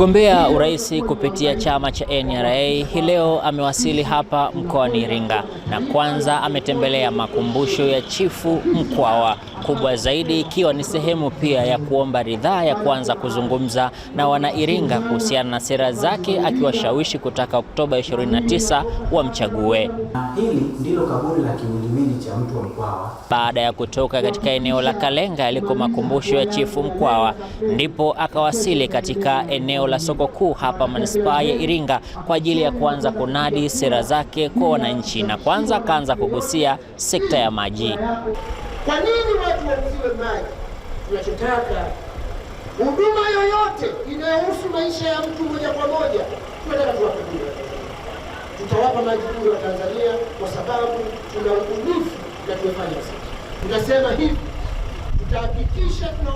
Mgombea urais kupitia chama cha NRA hii leo amewasili hapa mkoani Iringa, na kwanza ametembelea makumbusho ya Chifu Mkwawa, kubwa zaidi ikiwa ni sehemu pia ya kuomba ridhaa ya kuanza kuzungumza na wana iringa kuhusiana na sera zake, akiwashawishi kutaka Oktoba 29 wamchague. Hili ndilo kaburi la kimwili cha mtu wa Mkwawa. Baada ya kutoka katika eneo la Kalenga yaliko makumbusho ya Chifu Mkwawa, ndipo akawasili katika eneo la soko kuu hapa manispaa ya Iringa kwa ajili ya kuanza kunadi sera zake kwa wananchi, na kwanza akaanza kugusia sekta ya maji. Kwa nini watu wauziwe maji? Tunachotaka huduma yoyote inayohusu maisha ya mtu moja kwa moja, tunataka tuwapigie. Tutawapa maji bure wa Tanzania kwa sababu tuna ubunifu na tumefanya sasa. Tunasema hivi tutahakikisha tuna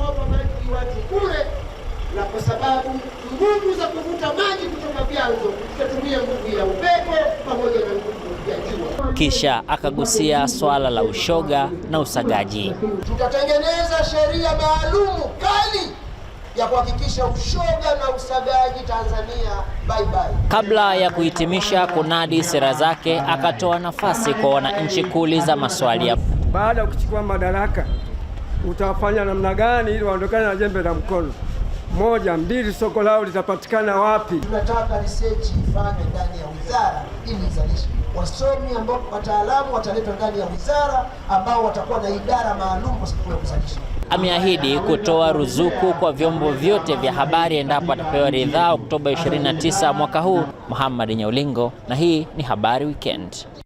kwa sababu nguvu za kuvuta maji kutoka vyanzo tutatumia nguvu ya upepo pamoja na nguvu ya jua. Kisha akagusia swala la ushoga na usagaji. Tutatengeneza sheria maalumu kali ya kuhakikisha ushoga na usagaji Tanzania bye bye. Kabla ya kuhitimisha kunadi sera zake, akatoa nafasi kwa wananchi kuuliza maswali. ya Baada ya kuchukua madaraka, utafanya namna gani ili waondokane na jembe la mkono? moja mbili, soko lao litapatikana wapi? Tunataka research ifanywe ndani ya wizara ili izalishe wasomi ambao wataalamu wataletwa ndani ya wizara ambao watakuwa na idara maalum kwa sababu ya kuzalisha. Ameahidi kutoa ruzuku kwa vyombo vyote vya habari endapo atapewa ridhaa Oktoba 29 mwaka huu. Muhammad Nyaulingo, na hii ni Habari Weekend.